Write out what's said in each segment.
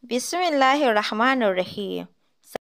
Bismillahirrahmanirrahim.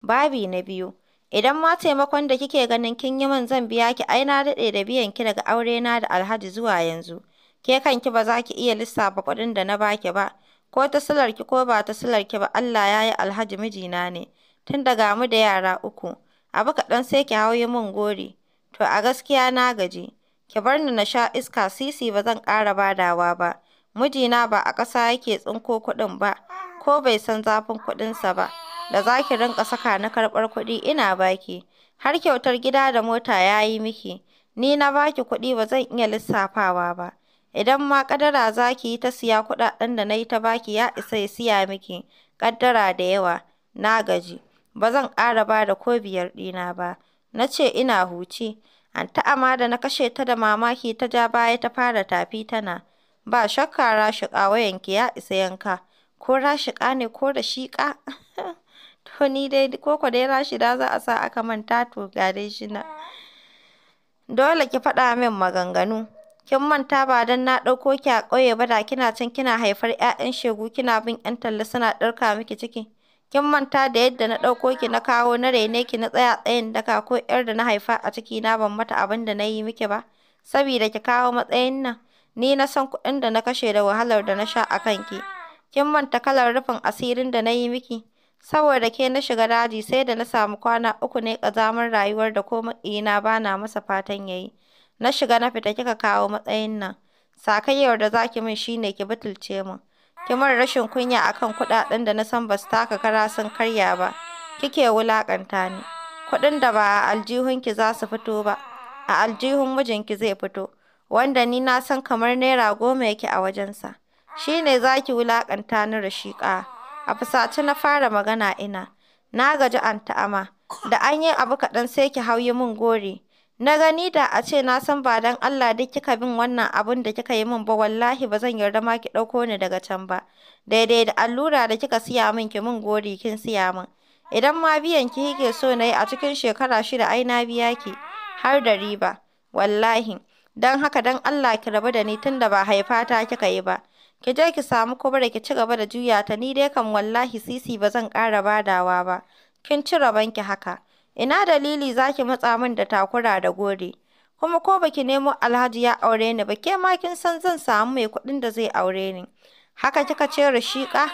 Babi na biyu. Idan ma taimakon da kike ganin kin yi min zan biya ki ai na daɗe da biyan ki daga aure na da Alhaji zuwa yanzu. Ke kanki ba za ki iya lissafa kuɗin da na baki ba. Ko ta ki ko ba ta silar ki ba Allah ya yi Alhaji mijina ne. Tun da mu da yara uku. Abu kaɗan sai ki hau yi min gori. To a gaskiya na gaji. Ki bar ni na sha iska sisi ba zan ƙara badawa ba. Mijina ba a ƙasa yake tsinko kuɗin ba. ko bai san zafin kuɗinsa ba da zaki ki rinƙa saka na karɓar kuɗi ina baki, har kyautar gida da mota ya yi miki, ni na baki kuɗi ba zan iya lissafawa ba. Idan ma ƙadara za ki yi ta siya kuɗaɗen da na yi ta baki ya isa ya siya miki, ƙaddara da yawa, na gaji, ba zan ƙara ba da ko biyar ɗina ba. Na ce ina huci, Anta da na kashe ta da mamaki ta ja baya ta fara tafi tana, ba shakka rashi ƙawayenki ya isa yanka. Ko Rashiƙa ne ko Rashiƙa? To ni dai ko ko dai Rashida za a sa aka manta to ga dai shi na. Dole ki faɗa min maganganu. Kin manta ba don na ɗauko ki a ƙauye ba da kina can kina haifar 'ya'yan shegu kina bin 'yan talla suna ɗarka miki ciki. Kin manta da yadda na ɗauko ki na kawo na raine ki na tsaya tsayin daka ko 'yar da na haifa a ciki na ban mata abin da na yi miki ba. Sabida ki kawo matsayin nan, ni na san kuɗin da na kashe da wahalar da na sha a kanki. Kin manta kalar rufin asirin da na yi miki? Saboda ke na shiga daji sai da na samu kwana uku ne kazamar rayuwar da ko maƙiyina ba na masa fatan ya yi. Na shiga na fita kika kawo matsayin nan. Sakayyar da za ki min shi ne ki butulce min. Ki min rashin kunya a kan kuɗaɗen da na san ba su taka kara sun karya ba. Kike wulaƙanta ni. Kuɗin da ba a aljihunki za su fito ba, a aljihun mijinki zai fito, wanda ni na san kamar naira goma yake a wajensa. shi ne za ki wulaƙanta ni Rashiƙa. A fusace na fara magana ina, na gaji an ta'ama. da an yi abu kaɗan sai ki hau yi min gori. Na gani da a ce na san ba don Allah duk kika bin wannan abin da kika yi min ba wallahi ba zan yarda ma ki ɗauko ni daga can ba. Daidai da allura da kika siya min ki min gori kin siya min. Idan ma biyan ki kike so na yi a cikin shekara shida ai na biya ki har da riba. Wallahi. Don haka don Allah ki rabu da ni tunda ba haifata kika yi ba. Ki je ki samu Kubura ki ci gaba da juya ta, ni dai kam wallahi sisi ba zan ƙara badawa ba. Kin ci rabonki haka. Ina dalili zaki ki matsa min da takura da gore Kuma ko baki nemo Alhaji ya aure ni ba, ke ma kin san zan samu mai kuɗin da zai aure ni. Haka kika ce rashika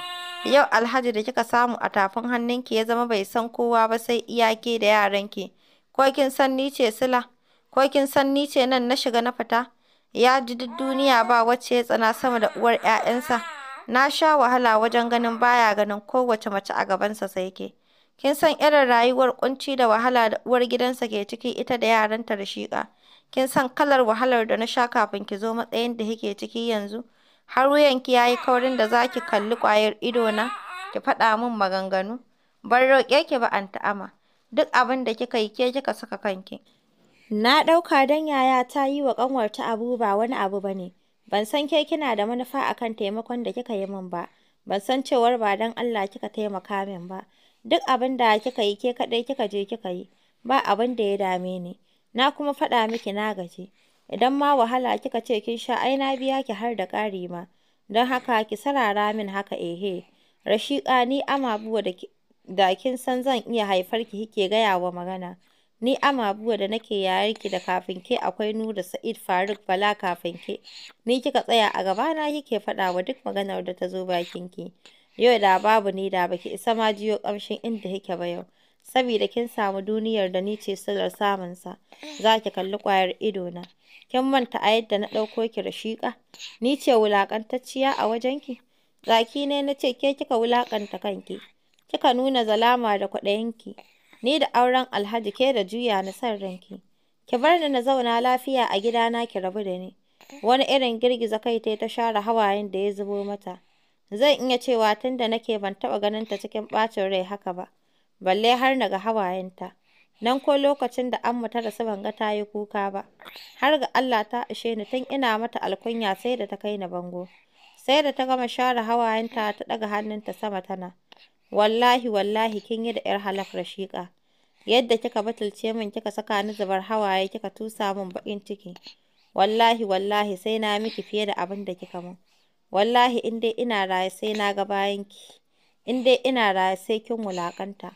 Yau Alhaji da kika samu a tafin hannunki ya zama bai san kowa ba sai iyake da yaranki. Ko kin san ni ce Sila? Ko kin san ni ce nan na shiga na fita? Ya ji duk duniya ba wacce ya tsana sama da uwar 'ya'yansa. Na sha wahala wajen ganin baya ganin kowace mace a gabansa sai ke. Kin san irin rayuwar ƙunci da wahala da uwar gidansa ke ciki ita da yaranta shiƙa Kin san kalar wahalar da na sha kafin ki zo matsayin da kike ciki yanzu. Har wuyanki ya yi kaurin da za ki kalli ƙwayar idona, ki faɗa min maganganu. Ban roƙe ki ba ta'ama. duk abin da kika yi ke kika saka kanki. Na ɗauka don yaya ta yi wa ƙanwarta abu ba wani abu ba ne, ban san ke kina da manufa a kan taimakon da kika yi min ba, ban san cewar ba don Allah kika taimaka min ba, duk abin da kika yi ke kaɗai kika je kika yi, ba abin da ya dame ni, na kuma faɗa miki na gaji, idan ma wahala kika ce kin sha ai na biya ki har da ƙari ma, don haka ki sarara min haka ehe, Rashiƙa ni amabuwa da kin san zan iya haifar ki ke gaya wa magana. Ni ama Amabuwa da nake yayarki da kafin ke akwai Nura Sa'id Faruk Bala kafin ke. Ni kika tsaya a gabana kike faɗa wa duk maganar da ta zo bakin ki. Yau da babu ni da baki isa ma jiyo ƙamshin inda kike ba yau. Saboda kin samu duniyar da ni ce samun sa, za ki kalli ƙwayar na Kin manta a yadda na ɗauko ki rashika? Ni ce wulaƙantacciya a wajen ki? Zaki ne na ce ke kika wulakanta kanki. Kika nuna zalama da ki. ni da auren Alhaji ke da juya na son ranki. Ki bar ni na zauna lafiya a gidana ki rabu da ni. Wani irin girgiza kai tai ta share hawayen da ya zubo mata. Zan iya cewa tun da nake ban taba ganin ta cikin ɓacin rai haka ba, balle har na ga hawayen ta. Nan ko lokacin da Amma ta rasu ban ga ta yi kuka ba, har ga Allah ta ishe ni tun ina mata alkunya sai da ta kai ni bango. Sai da ta gama share hawayenta ta ɗaga hannunta sama tana, Wallahi wallahi kin yi da ‘yar halaf Rashiƙa. Yadda kika batulce min kika saka ni zubar hawaye kika tusa min baƙin ciki. Wallahi wallahi sai na miki fiye da abin da kika min. Wallahi in dai ina raye sai na ga bayan ki. In dai ina raye sai kin wulaƙanta.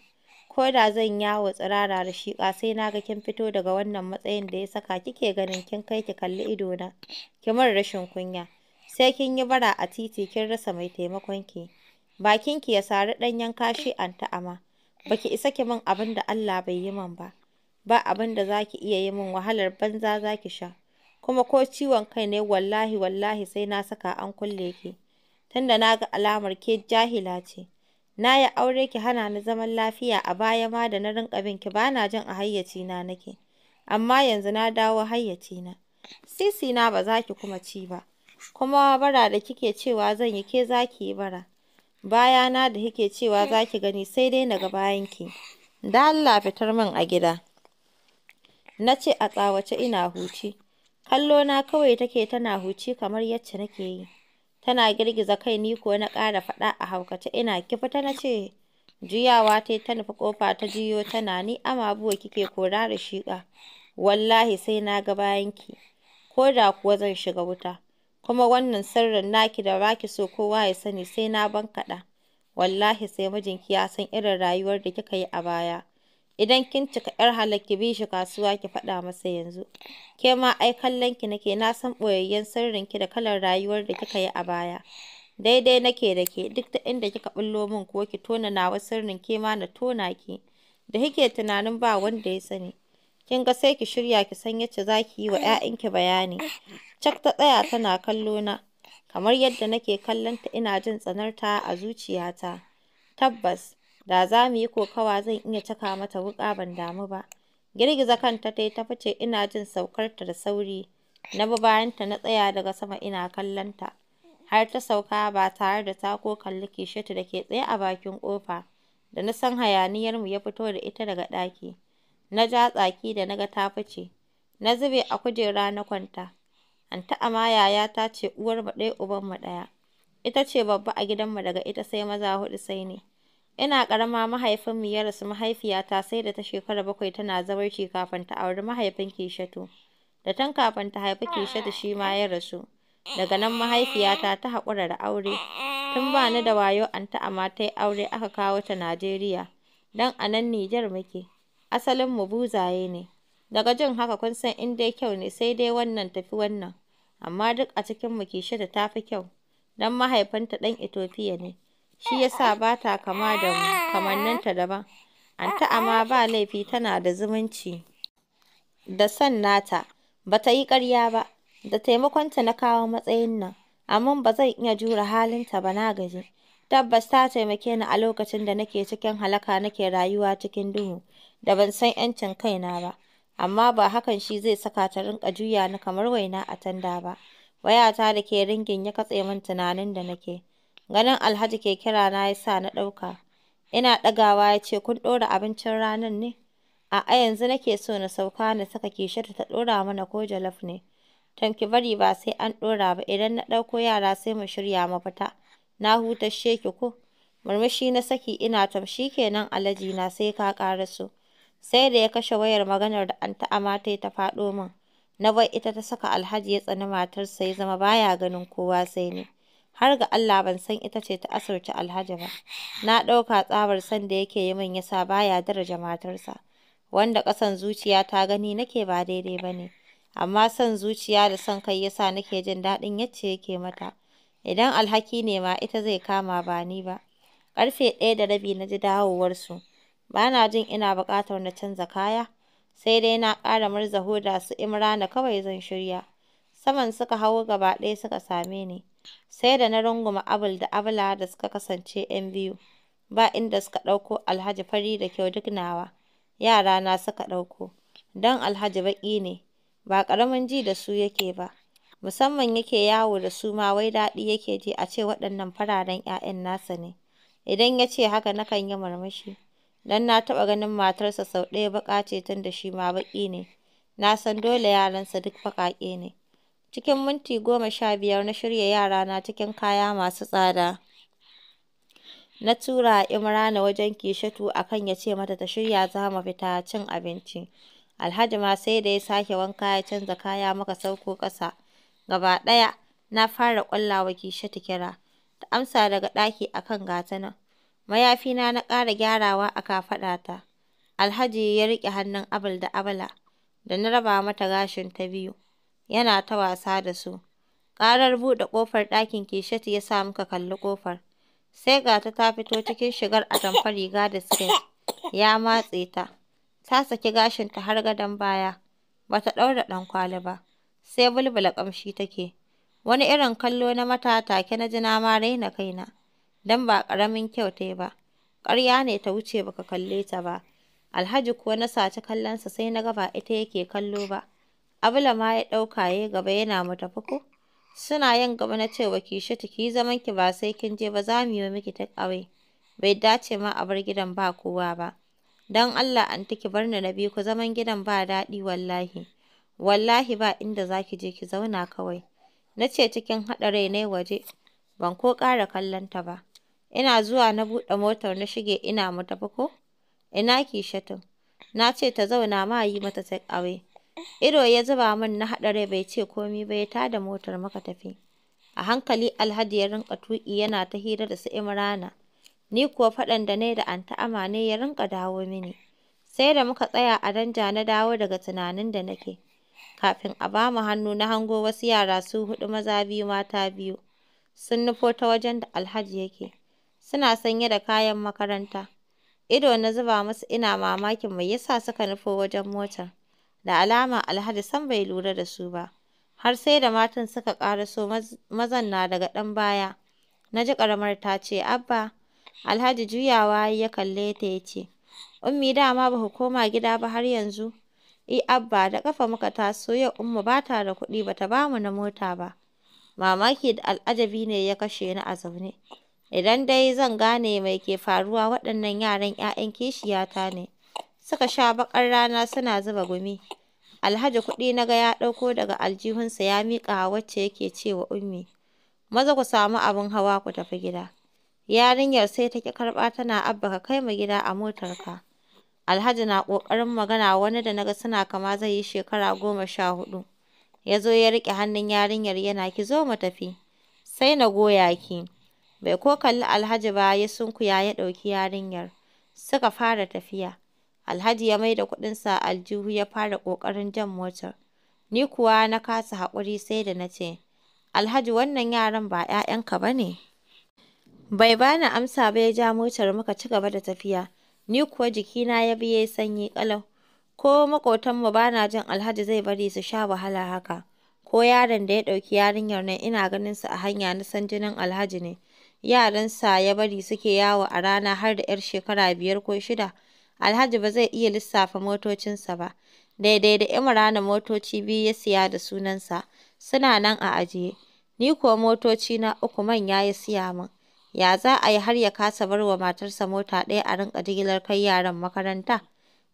Ko da zan yawo tsirara rashika sai na ga kin fito daga wannan matsayin da ya saka kike ganin kin kai ki kalli idona. Ki min rashin kunya. Sai kin yi bara a titi kin rasa mai taimakon ki. bakinki ya sari ɗanyen kashi an ta'ama. baki isa ki min abin da Allah bai yi min ba ba abin da zaki iya yi min wahalar banza zaki sha kuma ko ciwon kai ne wallahi wallahi sai na saka an kulle ki tunda na ga alamar ke jahila ce na yi aure ki hana ni zaman lafiya a baya ma da na rinka bin ki bana jin a hayyaci na nake amma yanzu na dawo hayyaci na sisi na ba za ki kuma ci ba kuma bara da kike cewa zan yi ke zaki yi bara bayana da kike cewa za ki gani sai dai na ga bayanki, Da Allah fitar min a gida. Na ce a tsawace ina huci, Kallo na kawai take tana huci kamar yacce nake yi. Tana girgiza kai ni ko na ƙara faɗa a haukace ina kifita na ce, juyawa ta ta nufi ƙofa ta juyo tana ni buwa kike kora da shiƙa, wallahi sai na ga bayanki, ko da kuwa zan shiga wuta. kuma wannan sirrin naki da baki so kowa ya sani sai na ban bankaɗa. Wallahi sai mijinki ya san irin rayuwar da kika yi a baya. Idan kin cika 'yar halakki bi shi kasuwa ki faɗa masa yanzu. Ke ma ai kallon ki nake na san ɓoyayyen sirrin ki da kalar rayuwar da kika yi a baya. Daidai nake da ke duk da inda kika bullo min ko ki tona nawa sirrin ke ma na tona ki. Da kike tunanin ba wanda ya sani. kin ga sai ki shirya ki san yacce za ki yi wa 'ya'yanki bayani. Cak ta tsaya tana kallo na, kamar yadda nake kallon ta ina jin tsanarta a zuciyata. Tabbas, da za mu yi kokawa zan iya caka mata wuƙa ban damu ba. Girgiza kanta ta yi ta fice ina jin saukarta da sauri. Na bi bayanta na tsaya daga sama ina kallon ta. Har ta sauka ba tare da ta ko kalli Kishatu da ke tsaye a bakin ƙofa. Da na san hayaniyar mu ya fito da ita daga ɗaki. Na ja tsaki da na ga ta fice, na zube a kujera na kwanta. Anti Ama yayata ce "Uwar uwarmu ɗaya mu ɗaya. Ita ce babba a gidan mu daga ita sai maza hudu, sai ni. Ina mahaifin mu ya rasu mahaifiyata sai da ta shekara bakwai tana zabarci kafin ta auri mahaifin Kishatu. Da tan kafin ta haifi Kishatu shi ma ya rasu. Daga nan mahaifiyata ta haƙura da aure. Tun ba ni da wayo Anti Ama ta yi aure aka kawo ta Najeriya. dan a nan Nijar muke. asalin mu buzaye ne, daga jin haka kun san in dai kyau ne sai dai wannan tafi wannan, amma duk a cikinmu kishida ta fi kyau, dan mahaifinta ɗan ethiopia ne, shi yasa sa ba ta kama da mu, ta daban. ta Ama ba laifi tana da zumunci da san nata, ba yi ƙarya ba, da taimakonta na kawo matsayin nan, amma ba zan iya jure halinta ba na gaji. Tabbas ta taimake ni a lokacin da nake cikin halaka nake rayuwa cikin duhu. da ban san 'yancin kaina ba, amma ba hakan shi zai saka ta rinƙa juya ni kamar waina a tanda ba. Wayata da ke ringin ya katse min tunanin da nake. Ganin Alhaji ke kira na ya sa na ɗauka. Ina ɗagawa ya ce, kun ɗora abincin ranar ne? A'a yanzu nake so na sauka na saka kishirta ta ɗora mana ko jalof ne. Tamki bari ba sai an ɗora ba idan na ɗauko yara sai mu shirya mu fita. Na hutashe ki ko? Murmushi na saki ina tamshi kenan alaji na sai ka ƙara sai da ya kashe wayar maganar da an Ama ta yi ta faɗo min. Na bar ita ta saka Alhaji ya tsani matarsa ya zama baya ganin kowa sai ni. Har ga Allah ban san ita ce ta asirci Alhaji ba. Na ɗauka tsabar san da yake yi min yasa baya daraja matarsa. Wanda ƙasan zuciya ta gani nake ba daidai ba ne. Amma san zuciya da son kai yasa nake jin daɗin yacce yake mata. Idan alhaki ne ma ita zai kama ba ni ba. Ƙarfe ɗaya da rabi na ji su. Ba na jin ina buƙatar na canza kaya, sai dai na ƙara murza hoda su Imrana kawai zan shirya. Saman suka hau gaba ɗaya suka same ni, sai da na runguma Abul da abula da suka kasance ‘yan biyu, ba inda suka ɗauko Alhaji fari da kyau duk nawa, na suka ɗauko, don Alhaji baƙi ne, ba ƙaramin ji da su yake ba. musamman yake yawo da su ma wai daɗi yake ji a ce waɗannan fararen 'ya'yan nasa ne, idan ya ce haka nakan yi murmushi. don na taɓa ganin matarsa sau ɗaya baƙa ce tun da shi ma baƙi ne, na san dole yaransa duk baƙaƙe ne. Cikin minti goma sha biyar na shirya yarana cikin kaya masu tsada. Na tura Imrana wajen Kishatu a kan ya ce mata ta shirya za mu fita cin abinci. Alhaji ma sai da ya sake wanka ya canza kaya muka sauko ƙasa. Gaba ɗaya na fara ƙwallawa Kishatu kira. Ta amsa daga ɗaki akan gata nan. Mayafina na ƙara gyarawa a kafaɗata, Alhaji ya riƙe hannun Abul da Abala da na raba mata gashin ta biyu, yana ta wasa da su. Ƙarar buɗe ƙofar ɗakin kishati ya sa muka kalli ƙofar. Sai ga ta ta fito cikin shigar atamfa riga da skirt ya matse ta. Ta saki gashin ta har gadon baya, ba ta ɗaura kwali ba, sai bulbula ƙamshi take. Wani irin kallo na mata take na ji ma raina kaina. don ba ƙaramin kyau ta yi ba. Ƙarya ne ta wuce ba ka kalle ta ba. Alhaji kuwa na saci kallonsa sai na gaba ita yake kallo ba. Abula ma ya ɗauka ya gaba yana mu tafi ko? Suna yin gaba na cewa ki shi ki zaman ki ba sai kin je ba za mu yi miki ta ƙawai Bai dace ma a bar gidan ba kowa ba. Don Allah ta ki bar ni na biyu ku zaman gidan ba daɗi wallahi. Wallahi ba inda za ki je ki zauna kawai. Na ce cikin haɗa rai ne waje. Ban ko ƙara kallon ba. Ina zuwa na buɗe motar na shige ina mata tafi ko, ina shatin na ce ta zauna ma yi mata take-away. Ido ya zuba min na haɗa bai ce komi ba ya tada motar muka tafi. A hankali Alhaji ya rinka tuƙi yana ta hira da su Imrana, ni kuwa faɗan da ne da Anti Ama ne ya rinka dawo mini. Sai da muka tsaya a danja na dawo daga tunanin da nake. Kafin a ba mu hannu na hango wasu yara su hudu maza biyu mata biyu, sun nufo ta wajen da Alhaji yake. suna sanye da kayan makaranta. Ido na zuba musu ina mamakin mai yasa suka nufo wajen motar. Da alama Alhaji sam bai lura da su ba. Har sai da matan suka ƙara so mazan na daga ɗan baya. Na ji ƙaramar ta ce, Abba, Alhaji juyawa ya kalle ta ya ce, Ummi dama ba koma gida ba har yanzu? I e, Abba da ƙafa muka taso yau Umma bata da kuɗi bata bamu na mota ba. Mamaki da al'ajabi ne ya kashe ni a zaune. Idan dai zan gane mai ke faruwa waɗannan yaran 'ya'yan kishiyata ne, suka sha baƙar rana suna zuba gumi. Alhaji kuɗi na ga ya ɗauko daga aljihunsa ya miƙa wa wacce yake ce wa Ummi, maza ku samu abin hawa ku tafi gida. Yarinyar sai ta ƙi karɓa tana Abba ka kai mu gida a motarka. Alhaji na ƙoƙarin magana wani da naga suna kama zai yi shekara goma sha hudu. Ya zo ya riƙe hannun yarinyar yana ki zo mu tafi, sai na goya ki. Bai ko kalli Alhaji ba ya sunkuya ya ɗauki yarinyar. Suka fara tafiya. Alhaji ya maida kuɗinsa aljihu ya fara ƙoƙarin jan motar. Ni kuwa na kasa haƙuri sai da na ce, Alhaji wannan yaran ba ‘ya'yanka ba ne? Bai bani amsa ba ya ja motar muka ci gaba da tafiya. Ni kuwa jikina ya bi ya sanyi ƙalau. Ko maƙotanmu ba na jin Alhaji zai bari su sha wahala haka. Ko yaron da ya ɗauki yarinyar nan ina ganin su a hanya na san jinin Alhaji ne. yaransa ya bari suke yawo a rana har da 'yar shekara biyar ko shida, Alhaji ba zai iya lissafa motocinsa ba. Daidai da Imrana motoci biyu ya siya da sunansa, suna nan a ajiye. Ni kuwa motoci na uku manya ya siya min. Ya za a yi har ya kasa bar wa matarsa mota ɗaya a rinka jigilar kai yaran makaranta?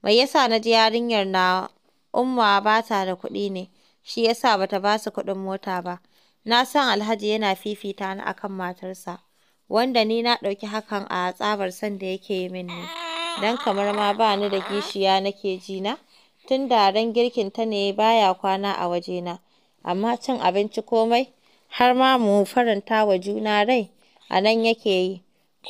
Mai yasa na ji yarinyar na umma ba ta da kuɗi ne, shi yasa bata ta ba su kuɗin mota ba. Na san Alhaji yana fifita ni akan matarsa. wanda ni na ɗauki hakan a tsabar son da yake yi min ne, don kamar ma ba ni da gishiya nake ji na, tun da ran ta ne baya kwana a wajena, amma cin abinci komai, har ma mu faranta wa juna rai, a nan yake yi,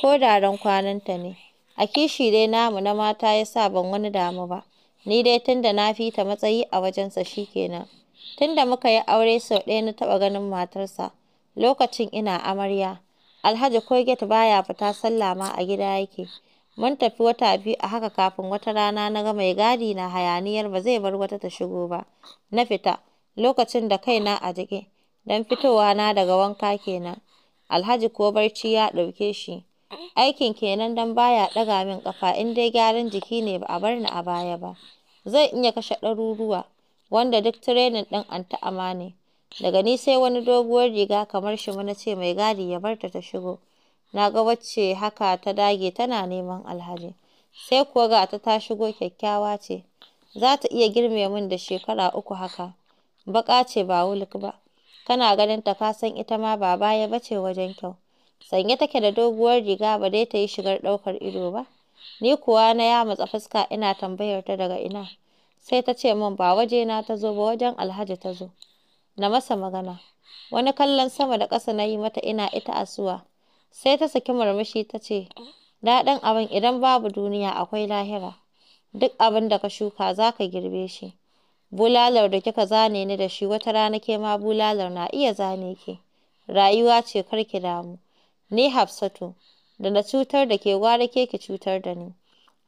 ko da ran kwananta ne. A kishi dai namu na mata ya sa ban wani damu ba, ni dai tun da na fi ta matsayi a wajensa shi kenan. Tun da muka yi aure sau ɗaya na taɓa ganin matarsa, lokacin ina amarya. Alhaji ko ba baya fita sallah ma a gida yake. Mun tafi wata biyu a haka kafin wata rana na ga mai gadi na hayaniyar ba zai bar wata ta shigo ba. Na fita, lokacin da kaina a jike, dan fitowa na daga wanka kenan. Alhaji ko barci ya dauke shi. Aikin kenan dan baya daga min kafa in dai gyaran jiki ne ba a bar ni a baya ba. Zan iya kashe ɗaruruwa, wanda duk tirenin ɗin an ta ne. Daga ni sai wani doguwar riga kamar shi na ce mai gadi ya bar ta shigo. Na ga wacce haka ta dage tana neman Alhaji. Sai kuwa ga ta ta shigo kyakkyawa ce. Za ta iya girme min da shekara uku haka. Baƙa ce ba wulik ba. Kana ganin ta ka san ita ma ba baya bace wajen kyau. Sanye take da doguwar riga ba dai ta yi shigar ɗaukar ido ba. Ni kuwa na matsa fuska ina tambayar ta daga ina. Sai ta ce min ba wajena ta zo ba wajen Alhaji ta zo. na masa magana. Wani kallon sama da ƙasa na yi mata ina ita asuwa. Sai ta saki murmushi ta ce, Daɗin abin idan babu duniya akwai lahira. Duk abin da ka shuka za ka girbe shi. Bulalar da kika zane ni da shi wata rana ke ma bulalar na iya zane ki. Rayuwa ce kar ki damu. Ni Hafsatu, da na cutar da ke gwara ke ki cutar da ni.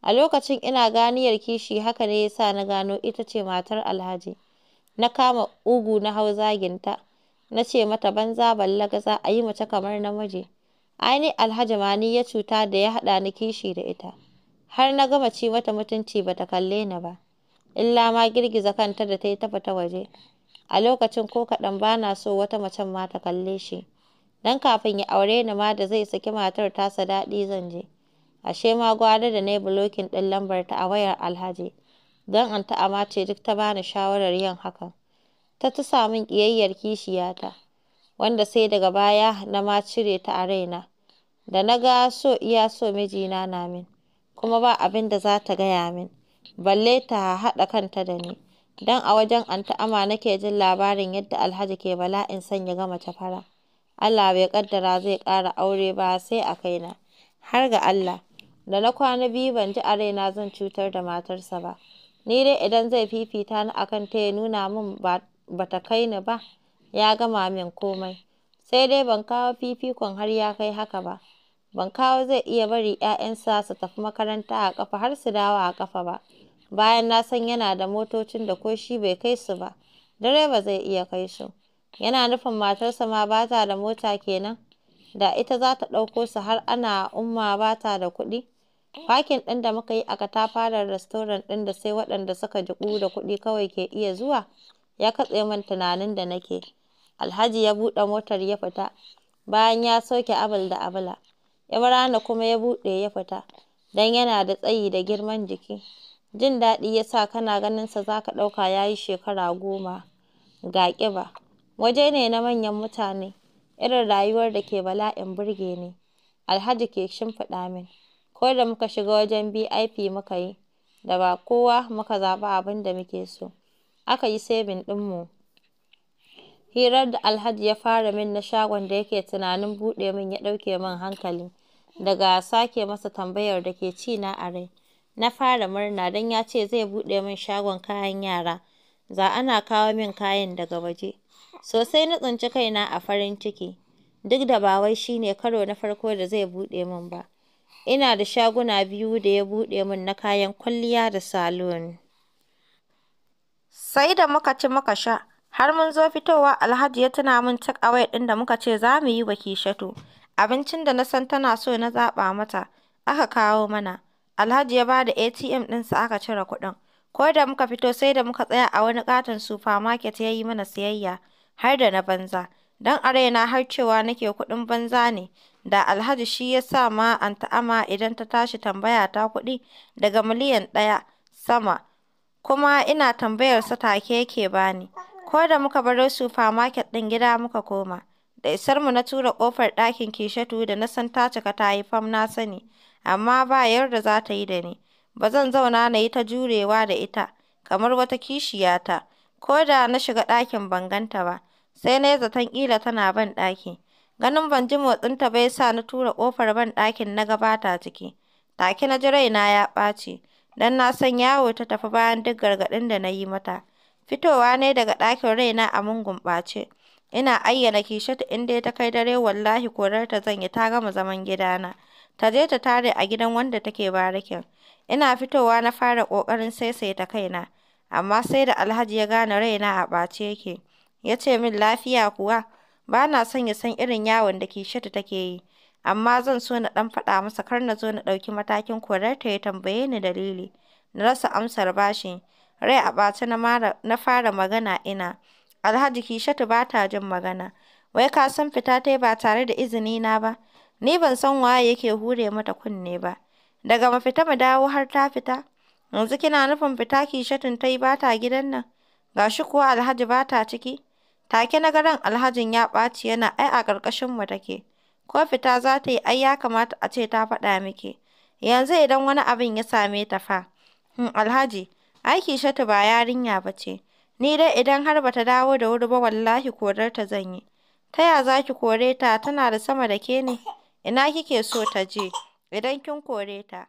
A lokacin ina ganiyar kishi haka ne ya sa na gano ita ce matar Alhaji. Na kama ugu na hau zaginta, na ce mata banza za a yi mace kamar namiji. Ai ni Alhaji Mani ya cuta da ya haɗa ni kishi da ita. Har na gama ci mata mutunci ba ta kalle ni ba. Illa ma girgiza kanta da ta yi ta waje. A lokacin ko kaɗan ba na so wata macen ma ta kalle shi. Dan kafin ya aure ni ma da zai saki matar tasa daɗi zan je. Ashe ma gwada da na yi bulokin ɗin lambarta a wayar Alhaji. don Anti Ama ce duk ta bani shawarar yin hakan. Ta sa min ƙiyayyar kishiyata, wanda sai daga baya na ma cire ta a raina, da na ga so iya so mijina na min, kuma ba abin da za ta gaya min, balle ta haɗa kanta da ni, don a wajen Anti Ama nake jin labarin yadda Alhaji ke bala'in son ya ga mace fara. Allah bai ƙaddara zai ƙara aure ba sai a kai na. har ga Allah, da na kwana biyu ban ji a raina zan cutar da matarsa ba. Ni dai idan zai fifita ni akan ta ya nuna min ba ta kai ni ba, ya gama min komai, sai dai ban kawo fifikon har ya kai haka ba, ban kawo zai iya bari ‘ya'yansa su tafi makaranta a ƙafa har su dawo a kafa ba, bayan na san yana da motocin da ko shi bai kai su ba, direba zai iya kai su. Yana nufin matarsa ma ba ta da mota kenan? Da ita za ta ɗauko su har ana Umma ba ta da kuɗi? Fakin ɗin da muka yi a katafaren rastorant ɗin da sai waɗanda suka jiƙu da kuɗi kawai ke iya zuwa, ya katse min tunanin da nake. Alhaji ya buɗe motar ya fita, bayan ya sauke abul da abula. Ibrahim kuma ya buɗe ya fita, don yana da tsayi da girman jiki. Jin daɗi ya sa kana ganinsa za ka ɗauka ya yi shekara goma ga ƙiba. Waje ne na manyan mutane, irin rayuwar da ke bala'in burge ni, Alhaji ke shimfiɗa min. ko da muka shiga wajen VIP muka yi, da ba kowa muka zaɓi abin da muke so, aka yi saving ɗinmu. Hirar da Alhaji ya fara min na shagon da yake tunanin buɗe min ya ɗauke min hankali daga sake masa tambayar da ke na a rai. Na fara murna don ya ce zai buɗe min shagon kayan yara, za ana kawo min kayan daga waje. Sosai na tsinci kaina a farin ciki, duk da ba wai shine karo na farko da zai buɗe min ba. Ina da shaguna biyu da ya buɗe min na kayan kwalliya da salon. Sai da muka ci muka sha, har mun zo fitowa Alhaji ya tuna min a away ɗin da muka ce za mu yi wa Kishatu. Abincin da na san tana so na zaɓa mata, aka kawo mana. Alhaji ya ba da ATM ɗinsa aka cire kuɗin. Ko da muka fito sai da muka tsaya a wani ƙaton supermarket ya yi mana siyayya, har da na banza. Don a raina har cewa nake kuɗin banza ne, da Alhaji shi ya sa ma Anty Ama idan ta tashi tambaya ta kuɗi daga miliyan ɗaya sama, kuma ina tambayar tambayarsa take yake bani. ko da muka baro supermarket ɗin gida muka koma, da isar mu na tura ƙofar ɗakin Kishatu da na san ta cika ta yi fam na sani, amma ba yarda za ta yi da ni, ba zan zauna na yi ta jurewa da ita kamar wata kishiya ta. ko da na shiga ɗakin banganta ba, sai na yi zaton ƙila tana ban ɗakin. Ganin ban ji motsinta ba ya sa na tura ƙofar banɗakin na gabata ciki. Take na ji raina ya ɓaci, Dan na san yawo ta tafi bayan duk gargaɗin da na yi mata. Fitowa ne daga ɗakin raina a mungun ɓace. Ina ayyana Kishatu in dai ta kai dare wallahi korarta zan yi ta gama zaman gidana. Ta je ta tare a gidan wanda take barikin. Ina fitowa na fara ƙoƙarin saisaita kaina, amma sai da Alhaji ya gane raina a ɓace yake. Ya ce min lafiya kuwa? Ba na son ya san irin yawon da Kishatu take yi, amma zan so na ɗan faɗa masa kar na zo na ɗauki matakin korarta ya tambaye ni dalili. Na rasa amsar bashi Rai a ɓace na fara magana ina, Alhaji Kishatu ba ta jin magana. Wai ka san fita ta ba tare da izini na ba? Ni ban san waye yake hure mata kunne ba. Daga mafita mu dawo har ta fita. Yanzu kina nufin fita Kishatun ta yi ba ta gidan nan? Ga shi kuwa Alhaji ba ta ciki. Take na gadon Alhajin ya ɓaci yana ai a mu take, ko fita za ta yi ai ya kamata a ce ta faɗa miki, yanzu idan wani abin ya same ta fa. Hmm, Alhaji, aiki shatu ba yarinya ba ce, ni dai idan har bata dawo da wuri ba wallahi korar ta zan yi. Ta ya za ki kore ta tana da sama da ke ne? Ina kike so ta je idan kin kore ta?